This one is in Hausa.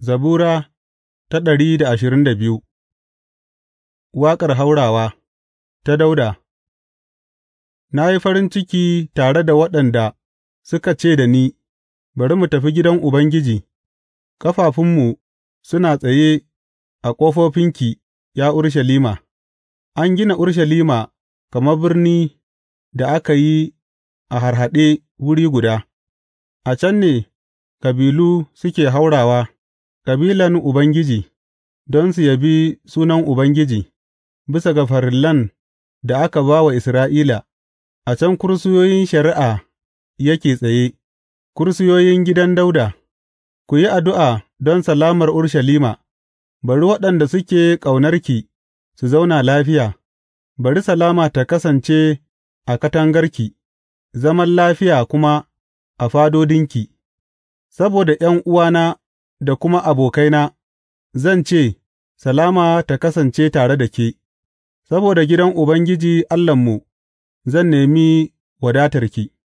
Zabura ta ɗari da ashirin da biyu Waƙar haurawa ta Dauda Na yi farin ciki tare da waɗanda suka ce da ni, Bari mu tafi gidan Ubangiji; ƙafafunmu suna tsaye a ƙofofinki, ya Urushalima, an gina Urushalima kamar birni da aka yi a harhaɗe wuri guda, a can ne kabilu suke haurawa. kabilan Ubangiji, don su yabi sunan Ubangiji, bisa ga farillan da aka ba wa Isra'ila, a can kursiyoyin shari'a yake tsaye, kursiyoyin gidan Dauda. ku yi addu'a don salamar Urshalima. bari waɗanda suke ƙaunarki su zauna lafiya, bari salama ta kasance a katangarki, zaman lafiya kuma a fadodinki, saboda ’yan'uwana da kuma abokaina, zan ce, Salama ta kasance tare da ke, saboda gidan Ubangiji Allahnmu zan nemi wadatarki.